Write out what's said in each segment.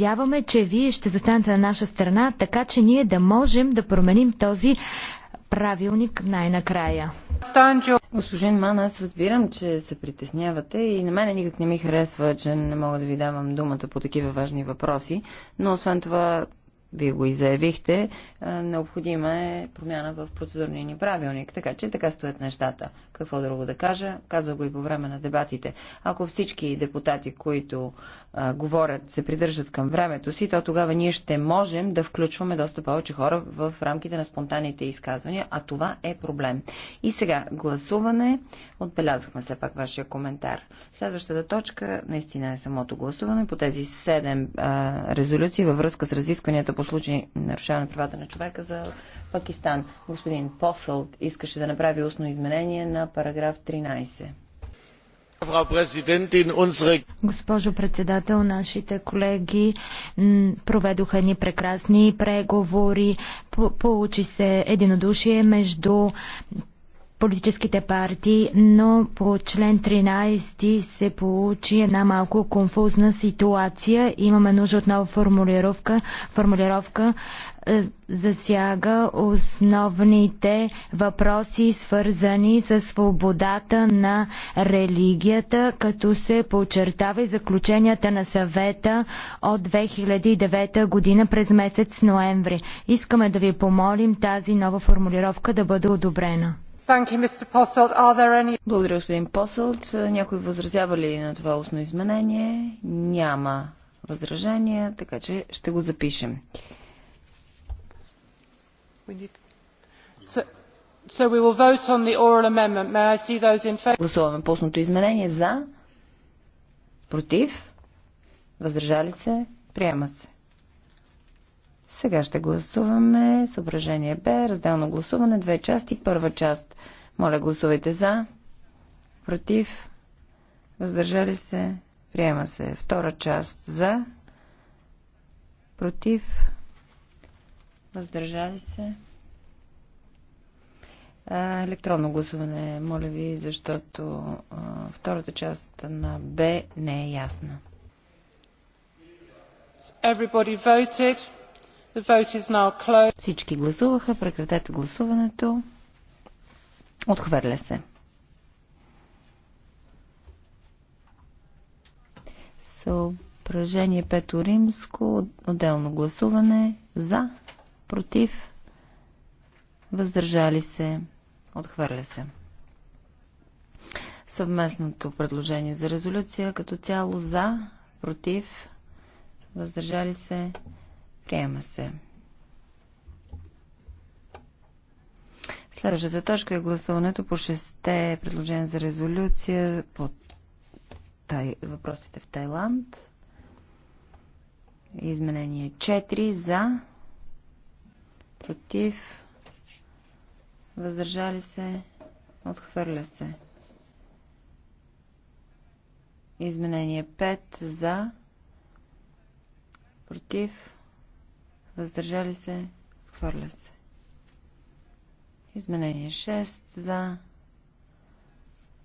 Надяваме, че вие ще застанете на наша страна, така че ние да можем да променим този правилник най-накрая. Господин Ман, аз разбирам, че се притеснявате и на мен никак не ми харесва, че не мога да ви давам думата по такива важни въпроси, но освен това вие го и заявихте, необходима е промяна в процедурния ни правилник. Така че така стоят нещата. Какво друго да кажа? Каза го и по време на дебатите. Ако всички депутати, които а, говорят, се придържат към времето си, то тогава ние ще можем да включваме доста повече хора в рамките на спонтанните изказвания, а това е проблем. И сега, гласуване. Отбелязахме все пак вашия коментар. Следващата точка наистина е самото гласуване по тези седем резолюции във връзка с разискванията по по случай нарушаване на правата на човека за Пакистан. Господин Посъл искаше да направи устно изменение на параграф 13. Госпожо председател, нашите колеги проведоха ни прекрасни преговори. Получи се единодушие между политическите партии, но по член 13 се получи една малко конфузна ситуация. Имаме нужда от нова формулировка. Формулировка е, засяга основните въпроси, свързани с свободата на религията, като се подчертава и заключенията на съвета от 2009 година през месец ноември. Искаме да ви помолим тази нова формулировка да бъде одобрена. Благодаря, господин Посълт. Някой възразява ли на това устно изменение? Няма възражения, така че ще го запишем. Гласуваме по Гласуваме постното изменение за, против, възражали се, приема се. Сега ще гласуваме съображение Б, разделно гласуване, две части, първа част. Моля, гласувайте за, против, въздържали се, приема се. Втора част за, против, въздържали се. Електронно гласуване, моля ви, защото втората част на Б не е ясна. Everybody voted. Всички гласуваха. Прекратете гласуването. Отхвърля се. Съображение пето римско. Отделно гласуване. За. Против. Въздържали се. Отхвърля се. Съвместното предложение за резолюция като цяло за, против, въздържали се, Приема се. Следващата точка е гласуването по шесте предложения за резолюция по тай... въпросите в Тайланд. Изменение 4 за, против, въздържали се, отхвърля се. Изменение 5 за, против, въздържали се, отхвърля се. Изменение 6 за,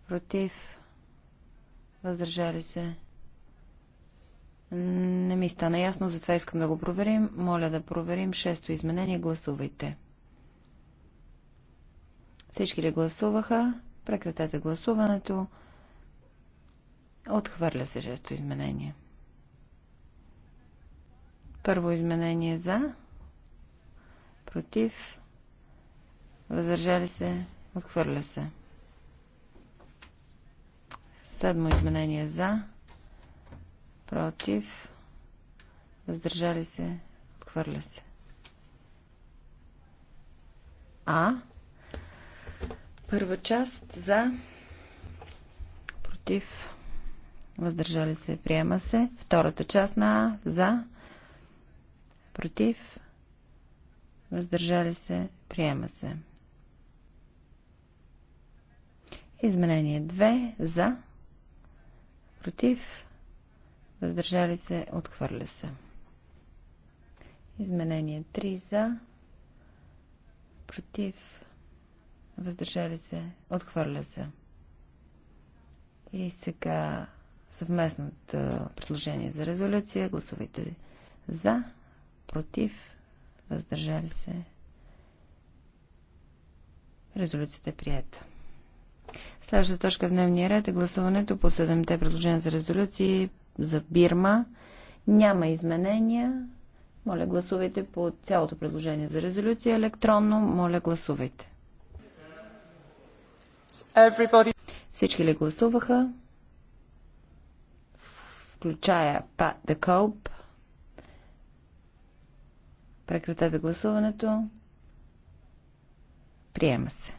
против, въздържали се. Не ми стана ясно, затова искам да го проверим. Моля да проверим шесто изменение. Гласувайте. Всички ли гласуваха? Прекратете гласуването. Отхвърля се шесто изменение. Първо изменение за, против, въздържали се, отхвърля се. Седмо изменение за, против, въздържали се, отхвърля се. А. Първа част за, против, въздържали се, приема се. Втората част на А за, против, въздържали се, приема се. Изменение 2 за, против, въздържали се, отхвърля се. Изменение 3 за, против, въздържали се, отхвърля се. И сега съвместното предложение за резолюция. Гласувайте за, против, въздържали се. Резолюцията е прията. Следващата точка в дневния ред е гласуването по 7-те предложения за резолюции за Бирма. Няма изменения. Моля, гласувайте по цялото предложение за резолюция електронно. Моля, гласувайте. Everybody... Всички ли гласуваха? Включая Пат Декоуп. Прекратете гласуването. Приема се.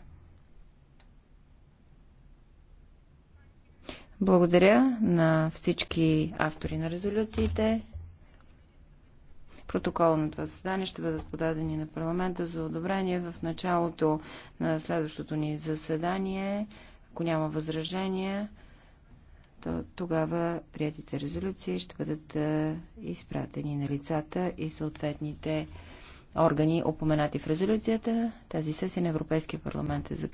Благодаря на всички автори на резолюциите. Протокол на това заседание ще бъдат подадени на парламента за одобрение в началото на следващото ни заседание. Ако няма възражения, то тогава приятите резолюции ще бъдат изпратени на лицата и съответните органи, упоменати в резолюцията. Тази сесия на Европейския парламент е закрита.